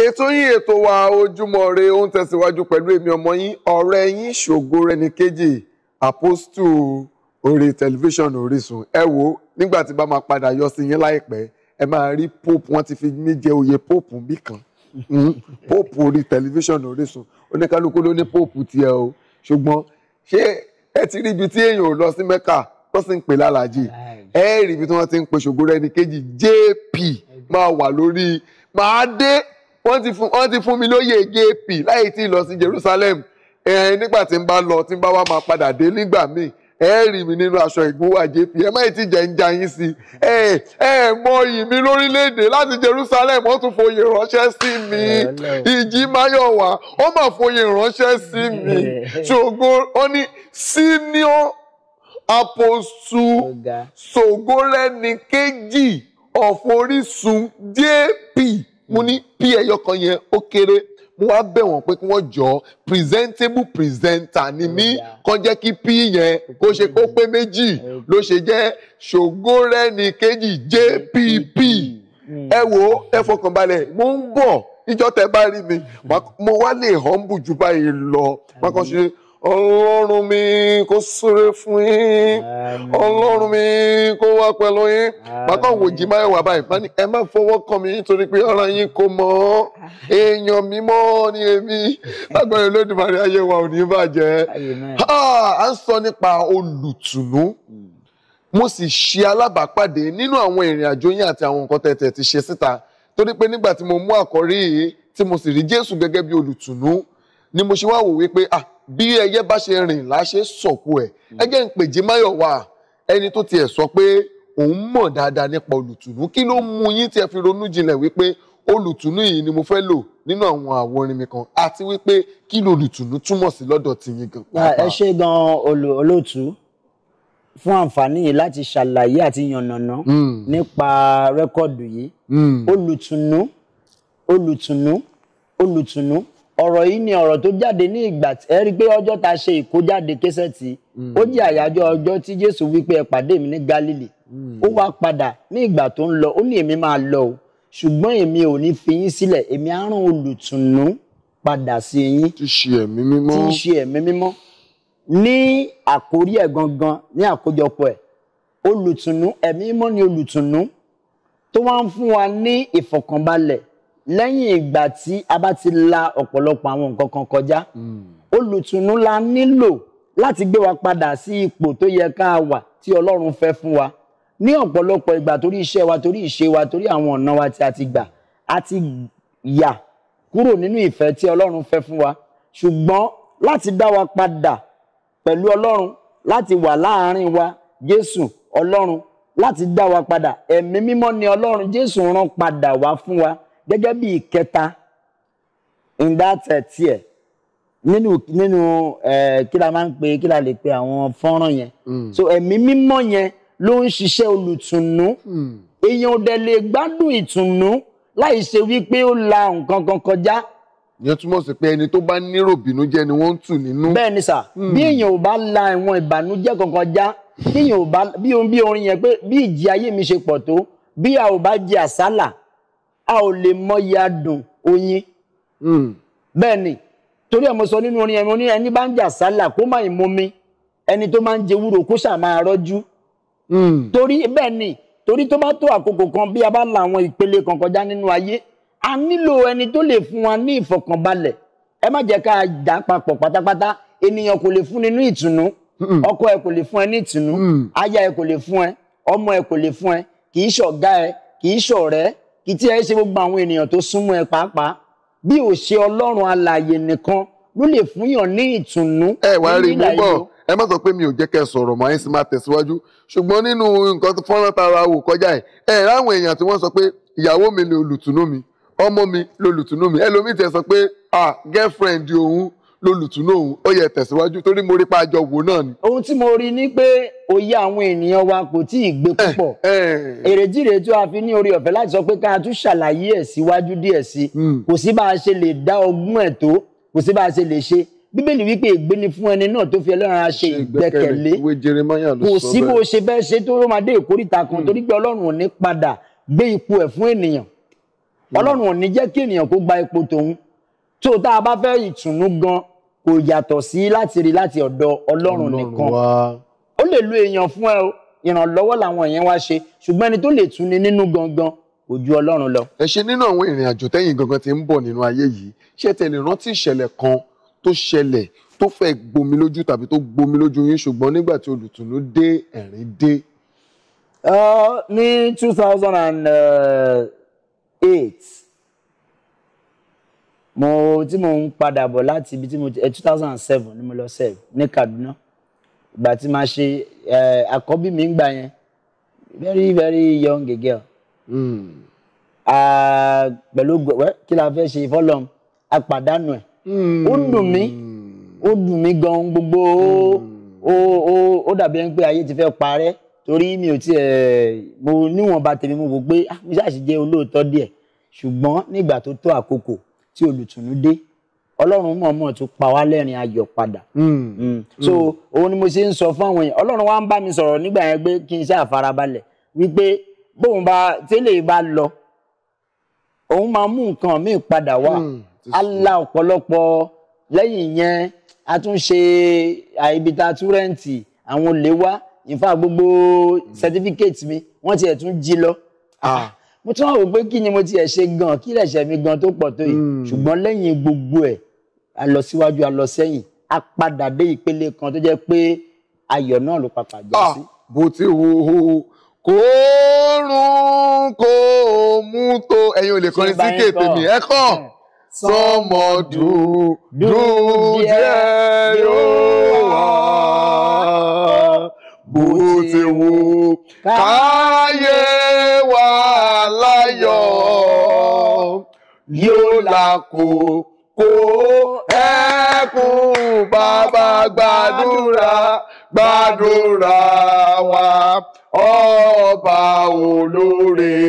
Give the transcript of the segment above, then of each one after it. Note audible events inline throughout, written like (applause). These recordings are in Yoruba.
ètò yín ètò wa ojúmọ́ ire ó ń tẹ̀síwájú pẹ̀lú èmi ọmọ yín ọ̀rẹ́ yín Ṣògorẹ̀níkejì àpòstù orí tẹlifíṣàn Orísun ẹ wo nígbà tí bá máa padà yọ sí yín láìpẹ́ ẹ máa rí pope wọ́n ti fi mí jẹ oyè pope bí kan hmm, pope orí tẹlifíṣàn Orísun oníkálukú ló ní pope tiẹ̀ o ṣùgbọ́n ṣé ẹ ti rí ibi tí èèyàn ò lọ sí Mẹ́kà tó sì ń pè lálàjì ẹ rí ibi tí wọ́n ti ń pe Ṣògorẹ̀níkejì JP máa wà lórí máa dé wọ́n ti fún wọ́n ti fún mi lóyè gap láyé tí lọ sí Jerusalem ẹ nígbà tí n bá lọ tí n bá wá máa padà dé nígbà míì ẹ rí mi nínú aṣọ ìgbówà jp ẹ má ti jẹ ń ja yín sí ẹ ẹ mọ mi lórílẹ̀ láti Jerusalem wọ́n tún foyè ránṣẹ́ sí mi ìjì Máyọ̀wá ó mà foyè ránṣẹ́ sí mi (laughs) ṣògo ó ní senior apostle Ṣògorẹ́nìkejì of Orísun jp mo ní p ẹyọ kan yẹn ó kéré mo wá bẹ̀ wọ́n pé kí wọ́n jọ presentable presenter ni mí oh, kàn jẹ́ kí p yẹn kó ṣe kó pé méjì ló ṣe jẹ́ Ṣògorẹ́nìkejì JPP mm. ẹ wo ẹ fọkàn balẹ̀ mo ń bọ̀ ìjọ tẹ bá rí mi mo wá lè humble ju báyìí lọ má kàn ṣe ọlọ́run mi kó súre fún yín ọlọ́run mi kó wá pẹ̀lú yín bàtà òwòjì máa wà báyìí bá ní ẹ má fọwọ́ kàn mí nítorí pé ara yín kò mọ́ èèyàn mímọ́ ni èmi lágbára Olódùmarè ayé wa ò ní bàjẹ́ à ń sọ nípa olùtùnú hmm. mo sì ṣe alábàápàdé nínú àwọn ìrìn àjò yín àti àwọn nǹkan tẹ̀tẹ̀ ti ṣe síta torí pé nígbà tí mo mú àkọ́rí yìí tí mo sì rí Jésù gẹ́gẹ́ bí olùtùnú ni mo ṣe wá wò wípé ah bí ẹyẹ bá ṣe rìn láṣẹ sọ̀kù ẹ̀ ẹ jẹ́ ń pè Jímáyọ̀ wá ẹni tó tiẹ̀ sọ pé òun mọ̀ dáadáa nípa olùtùnú kí ló mú yín tí ẹ fi ronú jinlẹ̀ wípé olùtùnú yìí ni mo fẹ́ lò nínú àwọn àwo orin mi kan àti wípé kí lolùtùnú túmọ̀ sí lọ́dọ̀ tìyín gan. Ah, ẹ ṣe gan olóòtú fún àǹfààní yìí láti ṣàlàyé àti yànnàná hmm. nípa rẹ́kọ̀dù yìí hmm. olùtùnú olùtùnú olùtùnú ọ̀rọ̀ yìí ni ọ̀rọ̀ tó jáde ní ìgbà ẹ rí i pé ọjọ́ ta ṣe ìkójáde késẹ́tì hmm. ó jẹ́ àyájọ́ ọjọ́ tí Jésù wípé ẹ pàdé mi ní Gálílì hmm. ó wá padà ní ìgbà tó ń lọ ó ní èmi máa lọ o ṣùgbọ́n èmi ò ní fi yín sílẹ̀ èmi á rán olùtùnú padà sí yín tí ṣe ẹ̀mí mímọ́ tí ṣe ẹ̀mí mímọ́ ní àkórí ẹ̀ gangan ní àkójọpọ̀ ẹ̀ olùtùnú ẹ̀mí mímọ́ ni olùtùnú tó wá ń fún wa ní ìfọ̀kànbalẹ̀ lẹ́yìn ìgbà tí a bá ti la ọ̀pọ̀lọpọ̀ àwọn nǹkan kan kọjá hmm. olùtùnú la nílò láti gbé wa padà sí ipò tó yẹ ká wà tí Ọlọ́run fẹ́ fún wa ní ọ̀pọ̀lọpọ̀ ìgbà torí iṣẹ́ wa torí ìṣe wa torí àwọn ọ̀nà wa tí a ti gbà a ti yà kúrò nínú ìfẹ́ tí Ọlọ́run fẹ́ fún wa ṣùgbọ́n láti dá wa padà pẹ̀lú Ọlọ́run láti wà láàárín wa Jésù Ọlọ́run láti dá wa padà ẹ̀mí mímọ́ ni Ọlọ́run Jésù rán padà wá fún wa gẹ́gẹ́ bí ìkẹta in that eh, tier nínú nínú eh, kí la máa ń pe kí la lè pe àwọn fọ́nrán yẹn hmm. so ẹ̀mí mímọ́ yẹn ló ń ṣiṣẹ́ olùtùnú hmm. èèyàn ò dẹ̀ lè gbádùn ìtùnú láì ṣe wípé ó la nǹkan kan kọjá. ìyẹn túmọ̀ sí pé ẹni tó bá nírò bínújẹ́ ni wọ́n ń tù nínú. bẹ́ẹ̀ ni sà hmm. bí èèyàn ò bá la ìwọ̀n ìbànújẹ́ kan kọjá bí èèyàn ò bá bí orin yẹn pé bí ìjì ayé mi ṣe pọ̀ tó bí a ò bá jẹ àsálà a ò lè mọyì adùn oyin hmm. bẹ́ẹ̀ ni torí ẹ̀ mo sọ nínú orin ẹ̀mí oníyẹn ẹni bá ń jà sálà kó má ì mumi ẹni tó máa ń jẹ wúro kó ṣáà máa rọ́jú hmm. torí bẹ́ẹ̀ ni torí tó bá tó àkókò kan bí a bá la àwọn ìpele kan kọjá nínú ayé a nílò ẹni tó lè fún wa ní ìfọ̀kànbalẹ̀ ẹ má jẹ́ ká dà papọ̀ pátápátá ènìyàn kò lè fún ni ìtùnú hmm. ọkọ ẹ kò lè fún ẹ ní ìtùnú aya ẹ kò lè fún ẹ ọmọ ẹ kò lè fún ẹ kì í ṣọ̀gá ẹ kì í ṣọ̀rẹ́ kì í tí ẹ ṣe gbogbo àwọn ènìyàn tó súnmọ́ ẹ pàápàá bí ò ṣe ọlọ́run alààyè nìkan ló lè fún yàn ní ìtùnú. ẹ wàá rí mú bọ ẹ má sọ pé mi ò jẹ́ kẹ́ sọ̀rọ̀ mọ́ ẹ̀yin sì máa tẹ̀síwájú ṣùgbọ́n nínú nǹkan tó fọ́nrán tara wò kọjá ẹ̀ ẹ̀ ráwọn èèyàn tí wọ́n sọ pé ìyàwó mi ni olùtùnú mi ọmọ mi lolùtùnú mi ẹlòmíì tẹ̀ sọ pé ah girlfriend òun lólùtúnú òun ó yẹ tẹ̀síwájú torí mo rí pa àjọ wò náà ni. ohun tí mo rí ni pé òye àwọn ènìyàn wa kò tí ì gbé eh, púpọ̀ eh. èrèjìrè tí a fi ní orí ọ̀fẹ́ láti sọ pé ká tún ṣàlàyé ẹ̀ síwájú díẹ̀ sí hmm. kò sí bá a ṣe lè dá ogún ẹ̀ tó kò sí bá a ṣe lè ṣe bíbélì wípé ègbé ni fún ẹni náà tó fi Ọlọ́run ṣe ìgbẹ́kẹ̀lé kò sí bó ṣe bẹ́ẹ̀ ṣe tó máa dé kan hmm. torí pé Ọlọ́run ò ní padà gbé ipò ẹ̀ fún ènìyàn hmm. Ọlọ́run ò ní jẹ́ kí ènìyàn kó gba ipò tòun tó tá a bá fẹ́ ìtùnú gan kò yàtọ̀ sí láti rí láti ọ̀dọ̀ ọlọ́run nìkan ó lè lo èèyàn fún ẹ o ìrànlọ́wọ́ làwọn èèyàn wá ṣe ṣùgbọ́n ẹni tó lè tún ni nínú gangan ojú ọlọ́run lọ. ẹ ṣe nínú àwọn ìrìn àjò tẹ́yìn gangan ti ń bọ̀ nínú ayé yìí ṣé tẹ̀lé rántí ìṣẹ̀lẹ̀ kan tó ṣẹlẹ̀ tó fẹ́ gbomi lójú tàbí tó gbomi lójú yín ṣùgbọ́n nígbà tí olùtùnú dé ẹ̀rín dé. ní two thousand and eh, eight mo tí mo ń padà bọ̀ láti ibi tí mo ti eh, two thousand and seven ni mo lọ serve ní Kaduna ìgbà tí màá ṣe eh, àkọ́bí mi ń gbà yẹn very very young girl hmm. pẹ̀lú gbẹ̀wẹ́ kí la fẹ́ ṣe fọ́lọ́m apàdánù ẹ̀ hmm. ó dùn mí ó dùn mí gan gbogbo ó ó ó dàbí ẹni pé ayé ti fẹ́ parẹ́ torí mi ò tiẹ̀ eh, mo níwọ̀nba tèmi mo wò pé ah mi ṣáà ṣe jẹ́ olóòótọ́ díẹ̀ ṣùgbọ́n nígbà tó tó àkókò tí olùtùnú dé ọlọ́run mọ̀ọ́mọ̀ tún pa wá lẹ́rìn ayọ̀ padà. Hmm. Hmm. Hmm. so òun ni mo ṣe ń sọ fún àwọn èèyàn ọlọ́run wa ń bá mi sọ̀rọ̀ nígbà yẹn pé kí n ṣe àfarabalẹ̀ wípé bóun bá tẹ́lẹ̀ bá lọ òun máa mú nǹkan míì padà wá ala ọ̀pọ̀lọpọ̀ lẹ́yìn yẹn a tún ṣe àìbìtà túrẹ́ǹtì àwọn olè wá ìfà gbogbo certificate mi wọ́n tiẹ̀ tún jí lọ. Ah mo tún wà wò pé kí ni mo tiẹ̀ ṣe gan kí lè ṣe mi gan tó pọ̀ tó yìí hmm. ṣùgbọ́n lẹ́yìn gbogbo ẹ̀ a lọ síwájú a padà dé ìpele kan tó jẹ́ pé ayọ̀ náà ló papà jọ ah, sí. bó ti wo kò rún kò mú tó ẹ̀yin ò lè kọrin sí kéèpé mi ẹ kàn sọmọ dùn yóò wá bó ti wo káyé wà láyọ̀ yóò làkò kó ẹkún bàbá gbàdúrà gbàdúrà wa ọba olóore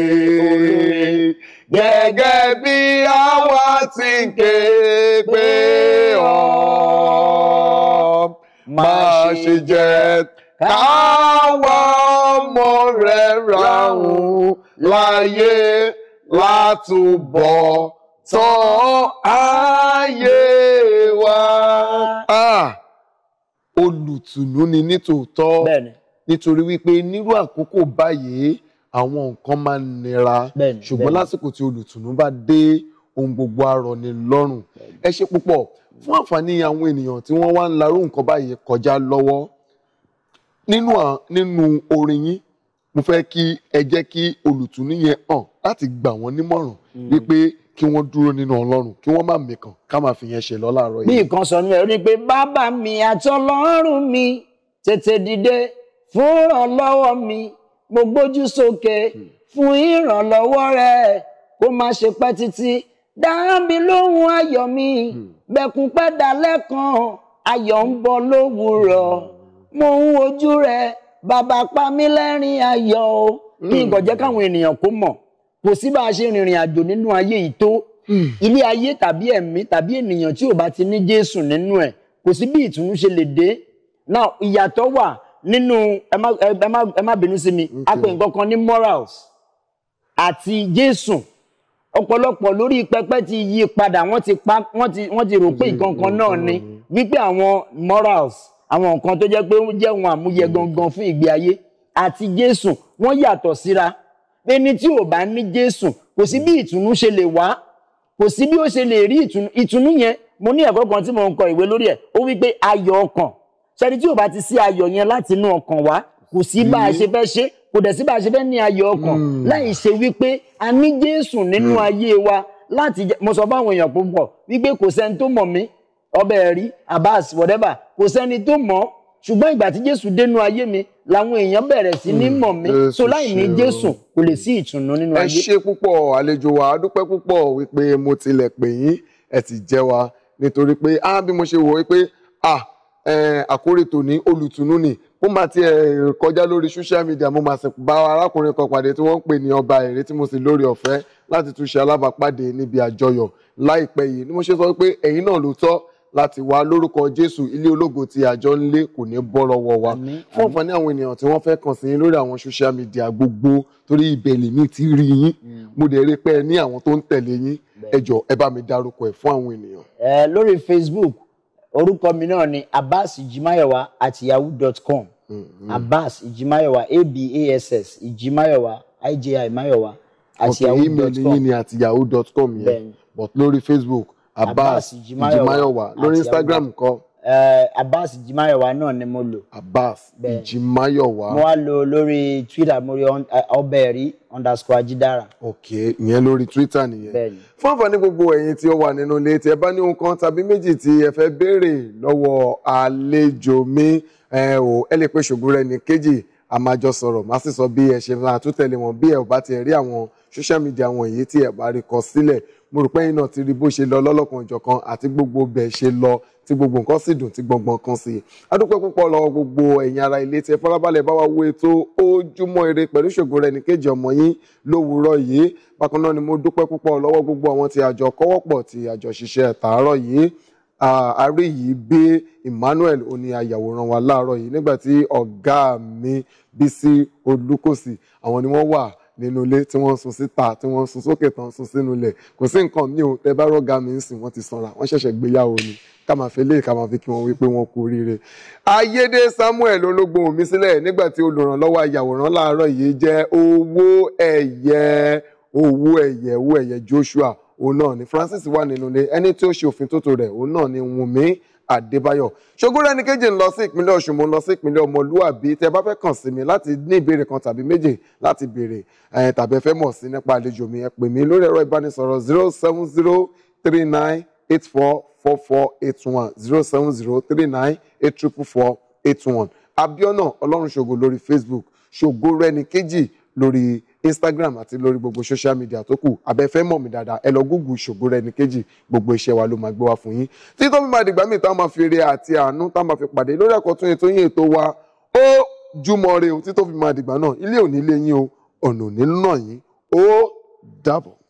gẹ́gẹ́ bí àwa ti ń ké pé ọ́ máa ṣe jẹ́ káwa ọmọ rẹ̀ ráhùn láyé látúbọ̀ tán ayé wa. Ah! Ah! olùtùnú ni nítòótọ́ nítorí wípé nírú àkókò báyìí àwọn nǹkan máa ń nira ṣùgbọ́n lásìkò tí olùtùnú bá dé ohun gbogbo arọ ni lọ́rùn ẹ ṣe púpọ̀ fún àǹfààní àwọn ènìyàn tí wọ́n wá ń larú nǹkan báyìí kọjá lọ́wọ́ nínú nínú orin yín mo fẹ́ kí ẹ jẹ́ kí olùtúní yẹn hàn láti gbà wọ́n nímọ̀ràn mm. wípé kí wọ́n dúró nínú ọlọ́run kí wọ́n má mìkan ká máa fi yẹn ṣe lọ láàárọ̀ yìí. bí nǹkan sọ nínú ẹ ó ní pé bàbá mi àtọlọ́run mi tètè dìde fún ìrànlọ́wọ́ mi mo gbójú sókè hmm. fún ìrànlọ́wọ́ rẹ kó má ṣe pẹ́ títí dá mi lóhùn ayọ̀ mi hmm. bẹ̀kún pẹ́ dálẹ́ kan ayọ̀ ń bọ̀ lówùúrọ̀. Hmm mo ń wojú rẹ bàbá pa mí lẹ́rìn ayọ̀ o kí n kò káwọn ènìyàn kó mọ̀ kò sí bá a ṣe rìnrìn àjò nínú ayé yìí tó hmm. ilé ayé tàbí ẹ̀mí tàbí ènìyàn tí ò bá ti ní Jésù nínú ẹ̀ kò sí bí ìtùnú ṣe lè dé now ìyàtọ̀ wà nínú ẹ má bínú sí mi a nǹkan kan ní morals àti Jésù ọ̀pọ̀lọpọ̀ lórí pẹpẹ ti yí padà ti pa wọ́n ti wọ́n ti rò pé nǹkan kan náà ni hmm. wípé àwọn morals àwọn nǹkan tó jẹ́ pé ó jẹ́ ohun àmúyẹ gangan fún ìgbé ayé àti Jésù wọ́n yàtọ̀ síra pé ní tí ò bá ní Jésù kò sí bí ìtùnú ṣe lè wá kò sí bí ó ṣe lè rí ìtùnú ìtùnú yẹn mo ní ẹ̀kọ́ kan tí mo ń kọ ìwé lórí ẹ̀ ó wí pé ayọ̀ ọkàn ṣẹ́ni tí ò bá ti sí ayọ̀ yẹn láti inú ọkàn wá kò sí bá a ṣe fẹ́ ṣe kò dẹ̀ sí bá a ṣe fẹ́ ní ayọ̀ ọkàn hmm. láì ṣe wípé a ní Jésù nínú hmm. ayé wa láti mo sọ fáwọn èèyàn púpọ̀ wípé kò sẹ́ni tó mọ̀ mí ọbẹ̀ rí Abbas whatever kò sẹ́ni tó mọ̀ ṣùgbọ́n ìgbà tí jésù dénú ayé mi làwọn èèyàn bẹ̀rẹ̀ sí ní hmm, mọ̀ mi tó láì ní jésù kò lè sí ìtùnú nínú ayé. ẹ ṣe púpọ̀ àlejò wa a dúpẹ́ púpọ̀ wípé mo tilẹ̀ pè yín ẹ ti jẹ́ wa nítorí pé á bí mo ṣe wò wípé à àkórè tòní olùtùnú ni mo máa ti kọjá lórí social media mo máa sì bá arákùnrin kan pàdé tí wọ́n ń pè ní ọba èrè tí mo sì lórí ọ̀fẹ́ láti tún alábàápàdé níbi àjọyọ̀ láìpẹ́ yìí ni mo ṣe sọ pé ẹ̀yin náà ló tọ́ láti wá lórúkọ jésù ilé ológo tí àjọ ń lé kò ní bọ́ lọ́wọ́ wa fún àǹfààní àwọn ènìyàn tí wọ́n fẹ́ kàn sí yín lórí àwọn social media gbogbo torí ibẹ̀ lèmi ti rí yín hmm. mo dẹ̀ rí pé ẹ ní àwọn tó ń tẹ̀lé yín ẹ jọ ẹ bá mi dárúkọ ẹ fún àwọn ènìyàn. lórí facebook orúkọ mi náà ni abbas ijimayewa at yahoo dot com hmm, hmm. abbas ijimayewa abass ijimayewa iji mayewa at yahoo dot com. ọkùnrin email yín ni at yahoo dot com yẹn but lórí facebook Abbas Ijimayowa lórí Instagram kọ. Uh, Abbas Ijimayowa náà ni mo lò. Abbas Ijimayowa. mo wá lò lórí Twitter mo rí ọbẹ̀rí underscore Jidara. ok ìyẹn lórí Twitter nìyẹn. fún àǹfààní gbogbo ẹ̀yin tí ó wà nínú ilé tí ẹ bá ní ohun kan tàbí méjì tí ẹ fẹ́ béèrè lọ́wọ́ àlejò mi ẹ ò ẹ lè pe Ṣògorẹ́nìkejì a máa jọ sọ̀rọ̀ má sì sọ bí ẹ ṣe máa tún tẹ̀lé wọn bí ẹ ò bá ti rí àwọn social media wọn tí ẹ bá rí kọ sílẹ̀ mo rò pé ẹ̀yin náà ti rí bó ṣe lọ lọ́lọ́kan ìjọ̀kan àti gbogbo bẹ̀ ṣe lọ tí gbogbo nǹkan sì dùn tí gbọ̀ngbọ̀n kan sí i adúpẹ́ púpọ̀ lọ gbogbo ẹ̀yin ara ilé tí ẹ farabalẹ̀ bá wa wo ètò ojúmọ́ ire pẹ̀lú ṣògo rẹ̀ nìkejì ọmọ yín lówùúrọ̀ yìí bákan náà ni mo dúpẹ́ púpọ̀ lọ́wọ́ gbogbo àwọn tí àjọ kọ́wọ́pọ̀ tí àjọ ṣiṣẹ́ tààrọ̀ yìí àríyíbé Emmanuel oní ayàwòrán wa láàárọ̀ yìí nígbà tí ọ̀gá mi Bísí Olúkòsì àwọn ni wọ́n wà nínú ilé tí wọ́n ń sun síta tí wọ́n ń sun sókè tán sun sínú ilẹ̀ kò sí nǹkan mi ò tẹ bá rọ́gà mi ń sìn wọ́n ti sanra wọ́n ṣẹ̀ṣẹ̀ gbéyàwó ni ká máa fi léè máa fi kí wọn wípé wọn kú oríire. ayédè samuel ológun omi sílẹ̀ nígbà tí olùrànlọ́wọ́ ayàwòrán láàárọ̀ yìí jẹ́ owó ẹ̀yẹ owó ẹ̀yẹ owó ẹ̀yẹ joshua òun náà ni francis wà nínú ilé ẹni tí ó ṣe òfin tótó rẹ̀ òun náà ni wùnmí Adébáyọ̀ ṣogúnrẹ́ni kejì ń lọ sí ìpínlẹ̀ Ọ̀ṣun mo ń lọ sí ìpínlẹ̀ ọmọlúàbí tẹ bá fẹ́ kàn sí mi láti ní ìbéèrè kan tàbí méje láti béèrè tàbí ẹ fẹ́ mọ̀ sí nípa àlejò mi ẹ pè mí lórí ẹ̀rọ ìbánisọ̀rọ̀ zero seven zero three nine eight four four four eight one zero seven zero three nine eight triple four eight one Abíọ́nà Ọlọ́runṣògo lórí Facebook ṣògo rẹ́ni kejì lórí instagram àti lórí gbogbo social media tó kù abẹ́fẹ́ mọ̀ mí dáadáa ẹ lọ google Ṣògorẹ́níkejì gbogbo iṣẹ́ wa ló máa gbé wa fún yín tí tó fi máa dìgbà míì táwọn máa fi eré àti àánú táwọn máa fi pàdé lórí àkọ́tún ètò yín ètò wa ó jùmọ̀ re o tí tó fi máa dìgbà náà ilé òní lé yín o ọ̀nà òní náà yín ó dàbọ̀.